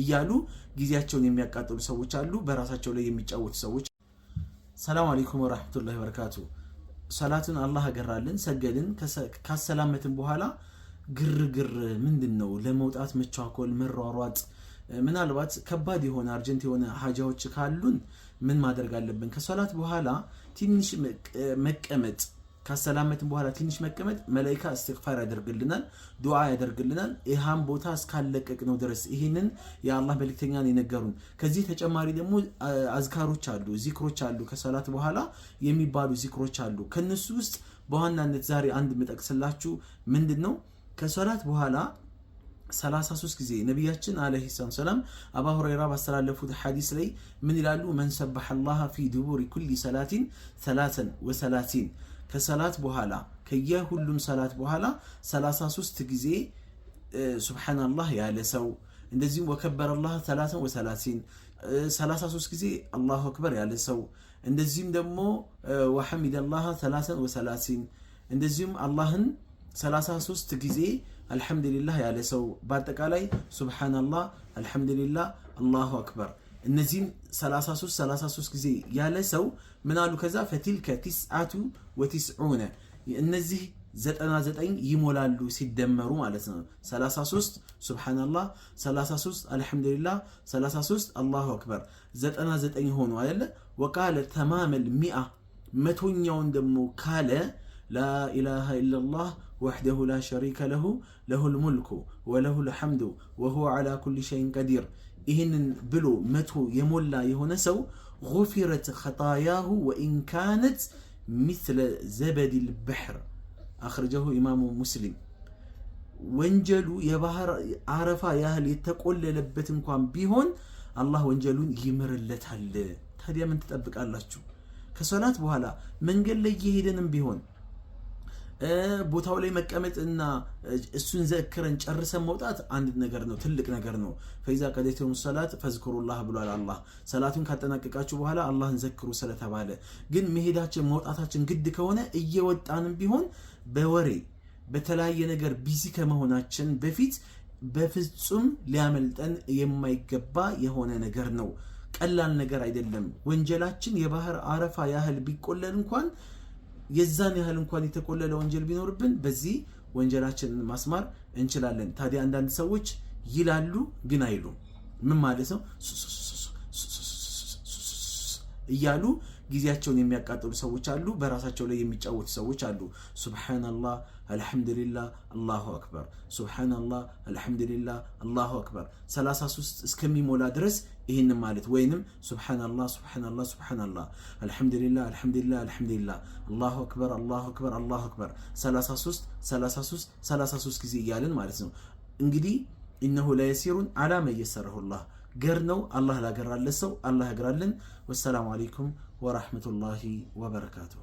እያሉ ጊዜያቸውን የሚያቃጥሉ ሰዎች አሉ፣ በራሳቸው ላይ የሚጫወቱ ሰዎች። ሰላም አለይኩም ወራህመቱላሂ ወበረካቱ። ሰላትን አላህ አገራልን፣ ሰገድን፣ ካሰላመትን በኋላ ግርግር ምንድን ነው? ለመውጣት መቻኮል፣ መሯሯጥ ምናልባት ከባድ የሆነ አርጀንት የሆነ ሀጃዎች ካሉን ምን ማድረግ አለብን? ከሰላት በኋላ ትንሽ መቀመጥ ካሰላመትን በኋላ ትንሽ መቀመጥ መላይካ እስትግፋር ያደርግልናል፣ ዱዓ ያደርግልናል። ይህም ቦታ እስካለቀቅ ነው ድረስ ይህንን የአላህ መልክተኛ የነገሩን። ከዚህ ተጨማሪ ደግሞ አዝካሮች አሉ፣ ዚክሮች አሉ፣ ከሰላት በኋላ የሚባሉ ዚክሮች አሉ። ከነሱ ውስጥ በዋናነት ዛሬ አንድ የምጠቅስላችሁ ምንድን ነው ከሰላት በኋላ 33 ጊዜ ነቢያችን አለይሂ ሰላም አባ ሁረይራ ባስተላለፉት ሐዲስ ላይ ምን ይላሉ? መን ሰበሐ አላህ ፊ ዱቡሪ ኩሊ ሰላቲን ሰላሰን ወሰላሲን ከሰላት በኋላ ከየሁሉም ሰላት በኋላ 33 ጊዜ ሱብሓናላህ ያለ ሰው እንደዚሁም ወከበር አላህ ሰላሰን ወሰላሲን 33 ጊዜ አላሁ አክበር ያለ ሰው እንደዚሁም ደግሞ ወሐሚድ አላህ ሰላሰን ወሰላሲን እንደዚሁም አላህን 33 ጊዜ አልሐምዱሊላህ ያለ ሰው በአጠቃላይ ሱብሓናላህ አልሐምዱሊላህ አላሁ አክበር እነዚህን 33 33 ጊዜ ያለ ሰው ምን አሉ? ከዛ ፈቲልከ ቲስዓቱ ወቲስዑነ እነዚህ 99 ይሞላሉ ሲደመሩ ማለት ነው። 33 ሱብሃነላህ፣ 33 አልሐምዱሊላህ፣ 33 አላሁ አክበር 99 ሆኑ አይደለ? ወቃለ ተማመል ሚአ መቶኛውን ደግሞ ካለ ላኢላሃ ኢለላህ ወሕደሁ ላ ሸሪከ ለሁ ለሁል ሙልኩ ወለሁል ሐምዱ ወሁወ ዐላ ኩሊ ሸይን ቀዲር ይህንን ብሎ መቶ የሞላ የሆነ ሰው ጉፊረት ኸጣያሁ ወኢንካነት ካነት ሚስለ ዘበዲል በሕር አክርጃሁ ኢማሙ ሙስሊም። ወንጀሉ የባህር አረፋ ያህል የተቆለለበት እንኳን ቢሆን አላህ ወንጀሉን ይምርለታል። ታዲያ ምን ትጠብቃላችሁ? ከሰላት በኋላ መንገድ ላይ እየሄደንም ቢሆን ቦታው ላይ መቀመጥ እና እሱን ዘክረን ጨርሰን መውጣት አንድ ነገር ነው፣ ትልቅ ነገር ነው። ፈይዛ ቀደይቱም ሰላት ፈዝክሩላህ ብሏል አላህ። ሰላቱን ካጠናቀቃችሁ በኋላ አላህን ዘክሩ ስለተባለ ግን መሄዳችን መውጣታችን ግድ ከሆነ እየወጣንም ቢሆን በወሬ በተለያየ ነገር ቢዚ ከመሆናችን በፊት በፍጹም ሊያመልጠን የማይገባ የሆነ ነገር ነው። ቀላል ነገር አይደለም። ወንጀላችን የባህር አረፋ ያህል ቢቆለል እንኳን የዛን ያህል እንኳን የተቆለለ ወንጀል ቢኖርብን በዚህ ወንጀላችንን ማስማር እንችላለን። ታዲያ አንዳንድ ሰዎች ይላሉ ግን አይሉም። ምን ማለት ነው? እያሉ ጊዜያቸውን የሚያቃጥሉ ሰዎች አሉ። በራሳቸው ላይ የሚጫወቱ ሰዎች አሉ። ሱብሓነላህ፣ አልሐምዱሊላህ፣ አላሁ አክበር፣ ሱብሓነላህ፣ አልሐምዱሊላህ፣ አላሁ አክበር 33 እስከሚሞላ ድረስ ይህን ማለት ወይንም ሱብሓነላህ፣ ሱብሓነላህ፣ ሱብሓነላህ፣ አልሐምዱሊላህ፣ አልሐምዱሊላህ፣ አልሐምዱሊላህ፣ አላሁ አክበር፣ አላሁ አክበር፣ አላሁ አክበር 33 33 33 ጊዜ እያለን ማለት ነው። እንግዲህ ኢነሁ ለየሲሩን አላ መየሰረሁላህ ገር ነው። አላህ ላገራለት ሰው አላህ ያግራልን። ወሰላሙ አሌይኩም ወራህመቱላሂ ወበረካቱሁ።